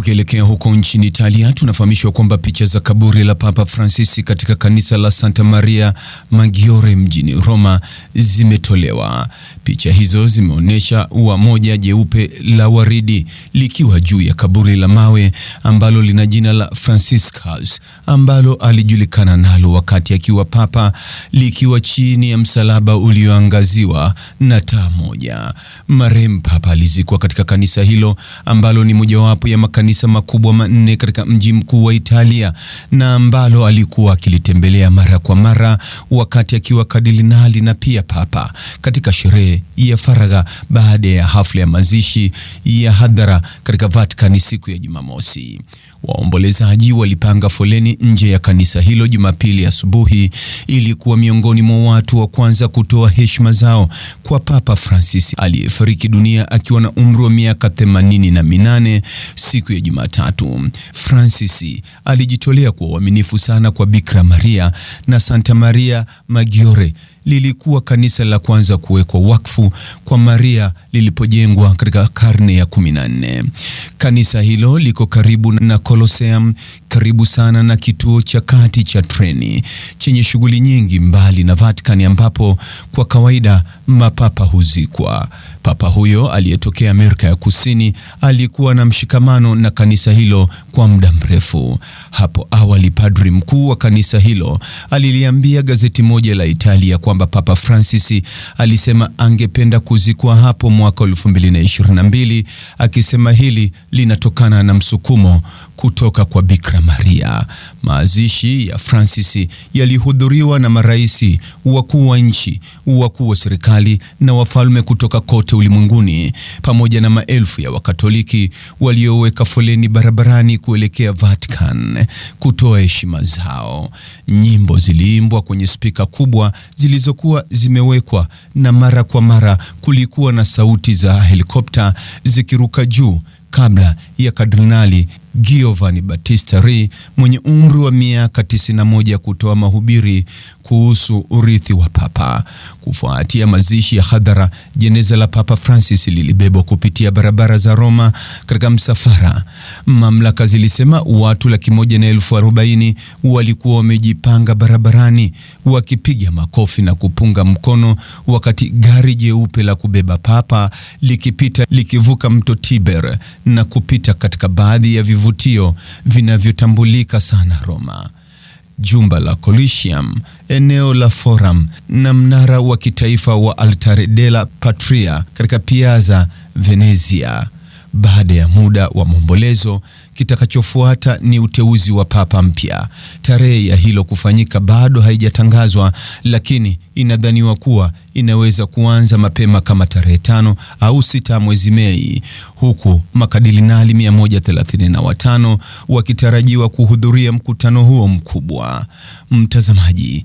Tukielekea huko nchini Italia, tunafahamishwa kwamba picha za kaburi la Papa Francis katika kanisa la Santa Maria Maggiore mjini Roma zimetolewa. Picha hizo zimeonyesha ua moja jeupe la waridi likiwa juu ya kaburi la mawe ambalo lina jina la Franciscus ambalo alijulikana nalo wakati akiwa papa, likiwa chini ya msalaba ulioangaziwa na taa moja. Marehemu papa alizikwa katika kanisa hilo ambalo ni mojawapo ya makanisa makanisa makubwa manne katika mji mkuu wa Italia na ambalo alikuwa akilitembelea mara kwa mara wakati akiwa kardinali na pia papa, katika sherehe ya faragha baada ya hafla ya mazishi ya hadhara katika Vatican siku ya Jumamosi. Waombolezaji walipanga foleni nje ya kanisa hilo Jumapili asubuhi ili kuwa miongoni mwa watu wa kwanza kutoa heshima zao kwa Papa Francis aliyefariki dunia akiwa na umri wa miaka themanini na minane siku ya ya Jumatatu. Francis alijitolea kwa uaminifu sana kwa Bikira Maria na Santa Maria Maggiore. Lilikuwa kanisa la kwanza kuwekwa wakfu kwa Maria lilipojengwa katika karne ya 14. Kanisa hilo liko karibu na Colosseum, karibu sana na kituo cha kati cha treni chenye shughuli nyingi, mbali na Vatican ambapo kwa kawaida mapapa huzikwa. Papa huyo aliyetokea Amerika ya Kusini alikuwa na mshikamano na kanisa hilo kwa muda mrefu. Hapo awali, padri mkuu wa kanisa hilo aliliambia gazeti moja la Italia kwamba Papa Francis alisema angependa kuzikwa hapo mwaka 2022, akisema hili linatokana na msukumo kutoka kwa Bikira Maria. Mazishi ya Francis yalihudhuriwa na maraisi, wakuu wa nchi, wakuu wa serikali na wafalme kutoka kote kote ulimwenguni pamoja na maelfu ya Wakatoliki walioweka foleni barabarani kuelekea Vatican kutoa heshima zao. Nyimbo ziliimbwa kwenye spika kubwa zilizokuwa zimewekwa, na mara kwa mara kulikuwa na sauti za helikopta zikiruka juu kabla ya kardinali Giovanni Battista Re mwenye umri wa miaka 91 kutoa mahubiri kuhusu urithi wa Papa. Kufuatia mazishi ya hadhara, jeneza la Papa Francis lilibebwa kupitia barabara za Roma katika msafara. Mamlaka zilisema watu laki moja na elfu arobaini walikuwa wamejipanga barabarani wakipiga makofi na kupunga mkono wakati gari jeupe la kubeba Papa likipita likivuka mto Tiber na kupita katika baadhi ya vivutio vinavyotambulika sana Roma, jumba la Colosseum, eneo la Forum na mnara wa kitaifa wa Altare della Patria katika Piazza Venezia. Baada ya muda wa maombolezo, kitakachofuata ni uteuzi wa papa mpya. Tarehe ya hilo kufanyika bado haijatangazwa, lakini inadhaniwa kuwa inaweza kuanza mapema kama tarehe tano au sita mwezi Mei, huku makadilinali 135 wakitarajiwa kuhudhuria mkutano huo mkubwa. Mtazamaji,